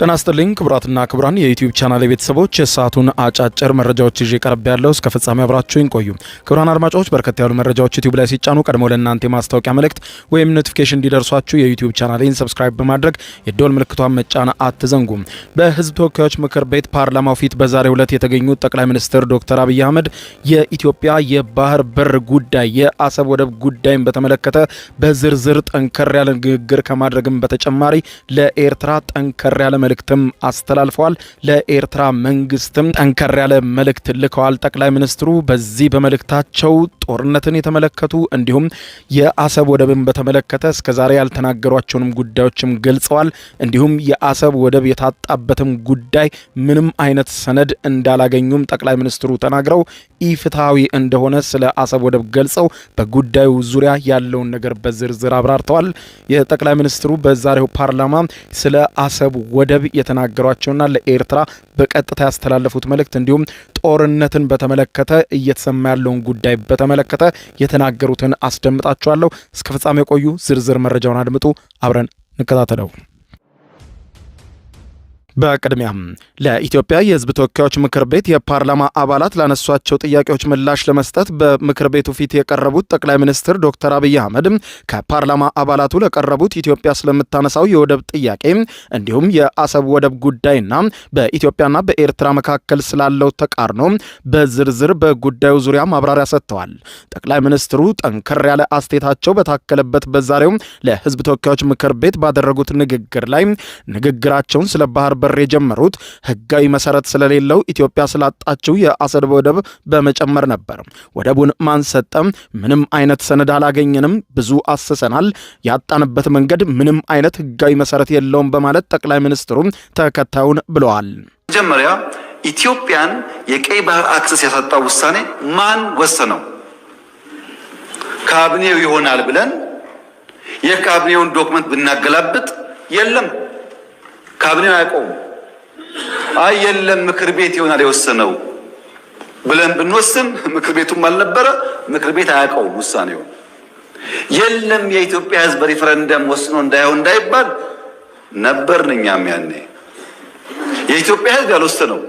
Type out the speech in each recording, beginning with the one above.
ጤና ይስጥልኝ ክቡራትና ክቡራን የዩቲዩብ ቻናል ቤተሰቦች የሰዓቱን አጫጭር መረጃዎች ይዤ ቀርብ ያለው እስከ ፍጻሜ አብራችሁኝ ቆዩ። ክቡራን አድማጮች በርከት ያሉ መረጃዎች ዩቲዩብ ላይ ሲጫኑ ቀድሞ ለእናንተ የማስታወቂያ መልእክት ወይም ኖቲፊኬሽን እንዲደርሷችሁ የዩቲዩብ ቻናሌን ሰብስክራይብ በማድረግ የዶል ምልክቷን መጫን አትዘንጉም። በህዝብ ተወካዮች ምክር ቤት ፓርላማው ፊት በዛሬው ዕለት የተገኙት ጠቅላይ ሚኒስትር ዶክተር አብይ አህመድ የኢትዮጵያ የባህር በር ጉዳይ የአሰብ ወደብ ጉዳይን በተመለከተ በዝርዝር ጠንከር ያለ ንግግር ከማድረግም በተጨማሪ ለኤርትራ ጠንከር ያለ መልእክትም አስተላልፈዋል። ለኤርትራ መንግስትም ጠንከር ያለ መልእክት ልከዋል። ጠቅላይ ሚኒስትሩ በዚህ በመልእክታቸው ጦርነትን የተመለከቱ እንዲሁም የአሰብ ወደብን በተመለከተ እስከዛሬ ያልተናገሯቸውንም ጉዳዮችም ገልጸዋል። እንዲሁም የአሰብ ወደብ የታጣበትም ጉዳይ ምንም አይነት ሰነድ እንዳላገኙም ጠቅላይ ሚኒስትሩ ተናግረው ኢፍትሐዊ እንደሆነ ስለ አሰብ ወደብ ገልጸው በጉዳዩ ዙሪያ ያለውን ነገር በዝርዝር አብራርተዋል። የጠቅላይ ሚኒስትሩ በዛሬው ፓርላማ ስለ አሰብ ወደብ ገደብ የተናገሯቸውና ለኤርትራ በቀጥታ ያስተላለፉት መልእክት እንዲሁም ጦርነትን በተመለከተ እየተሰማ ያለውን ጉዳይ በተመለከተ የተናገሩትን አስደምጣችኋለሁ። እስከ ፍጻሜ ቆዩ። ዝርዝር መረጃውን አድምጡ። አብረን እንከታተለው። በቅድሚያም ለኢትዮጵያ የሕዝብ ተወካዮች ምክር ቤት የፓርላማ አባላት ላነሷቸው ጥያቄዎች ምላሽ ለመስጠት በምክር ቤቱ ፊት የቀረቡት ጠቅላይ ሚኒስትር ዶክተር አብይ አህመድ ከፓርላማ አባላቱ ለቀረቡት ኢትዮጵያ ስለምታነሳው የወደብ ጥያቄ እንዲሁም የአሰብ ወደብ ጉዳይና በኢትዮጵያና በኤርትራ መካከል ስላለው ተቃርኖ በዝርዝር በጉዳዩ ዙሪያ ማብራሪያ ሰጥተዋል። ጠቅላይ ሚኒስትሩ ጠንከር ያለ አስቴታቸው በታከለበት በዛሬው ለሕዝብ ተወካዮች ምክር ቤት ባደረጉት ንግግር ላይ ንግግራቸውን ስለ ባህር ማጭበርበር የጀመሩት ህጋዊ መሰረት ስለሌለው ኢትዮጵያ ስላጣችው የአሰብ ወደብ በመጨመር ነበር። ወደቡን ማንሰጠ ምንም አይነት ሰነድ አላገኘንም፣ ብዙ አስሰናል፣ ያጣንበት መንገድ ምንም አይነት ህጋዊ መሰረት የለውም በማለት ጠቅላይ ሚኒስትሩ ተከታዩን ብለዋል። መጀመሪያ ኢትዮጵያን የቀይ ባህር አክሰስ ያሳጣው ውሳኔ ማን ወሰነው? ካቢኔው ይሆናል ብለን የካቢኔውን ዶክመንት ብናገላብጥ የለም ካቢኔው አያውቀውም። አይ የለም ምክር ቤት ይሆናል የወሰነው ብለን ብንወስን ምክር ቤቱም አልነበረ፣ ምክር ቤት አያውቀውም ውሳኔው። የለም የኢትዮጵያ ሕዝብ ሪፈረንደም ወስኖ እንዳይሆን እንዳይባል ነበርን እኛም ያኔ። የኢትዮጵያ ሕዝብ ያልወሰነው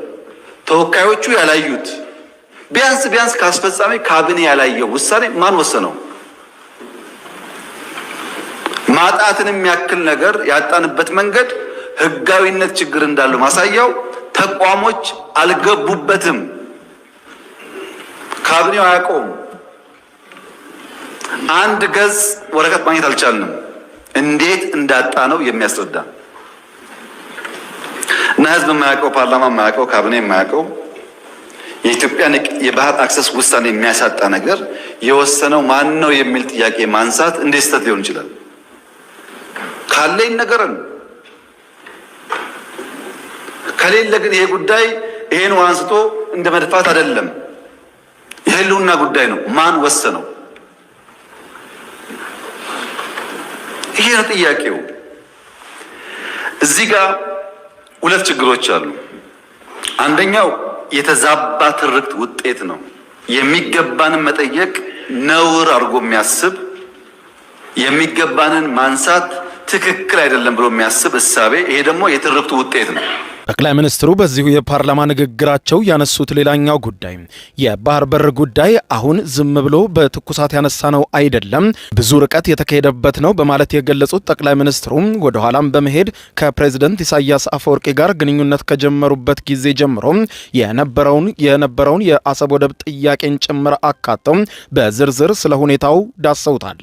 ተወካዮቹ ያላዩት ቢያንስ ቢያንስ ከአስፈጻሚ ካቢኔ ያላየው ውሳኔ ማን ወሰነው? ማጣትንም ያክል ነገር ያጣንበት መንገድ ህጋዊነት ችግር እንዳለው ማሳያው ተቋሞች አልገቡበትም። ካቢኔው አያውቀውም። አንድ ገጽ ወረቀት ማግኘት አልቻልንም። እንዴት እንዳጣ ነው የሚያስረዳ እና ህዝብ የማያውቀው ፓርላማ የማያውቀው ካቢኔ የማያውቀው የኢትዮጵያን የባህር አክሰስ ውሳኔ የሚያሳጣ ነገር የወሰነው ማን ነው የሚል ጥያቄ ማንሳት እንዴት ስህተት ሊሆን ይችላል? ካለ ይነገረን። ከሌለ ግን ይሄ ጉዳይ ይሄን አንስቶ እንደ መድፋት አይደለም፣ የህልውና ጉዳይ ነው። ማን ወሰነው? ይሄ ነው ጥያቄው። እዚህ ጋር ሁለት ችግሮች አሉ። አንደኛው የተዛባ ትርክት ውጤት ነው። የሚገባንን መጠየቅ ነውር አድርጎ የሚያስብ የሚገባንን ማንሳት ትክክል አይደለም ብሎ የሚያስብ እሳቤ። ይሄ ደግሞ የትርክቱ ውጤት ነው። ጠቅላይ ሚኒስትሩ በዚሁ የፓርላማ ንግግራቸው ያነሱት ሌላኛው ጉዳይ የባህር በር ጉዳይ አሁን ዝም ብሎ በትኩሳት ያነሳ ነው አይደለም፣ ብዙ ርቀት የተካሄደበት ነው በማለት የገለጹት ጠቅላይ ሚኒስትሩ ወደ ኋላም በመሄድ ከፕሬዝደንት ኢሳያስ አፈወርቂ ጋር ግንኙነት ከጀመሩበት ጊዜ ጀምሮ የነበረውን የነበረውን የአሰብ ወደብ ጥያቄን ጭምር አካተው በዝርዝር ስለ ሁኔታው ዳሰውታል።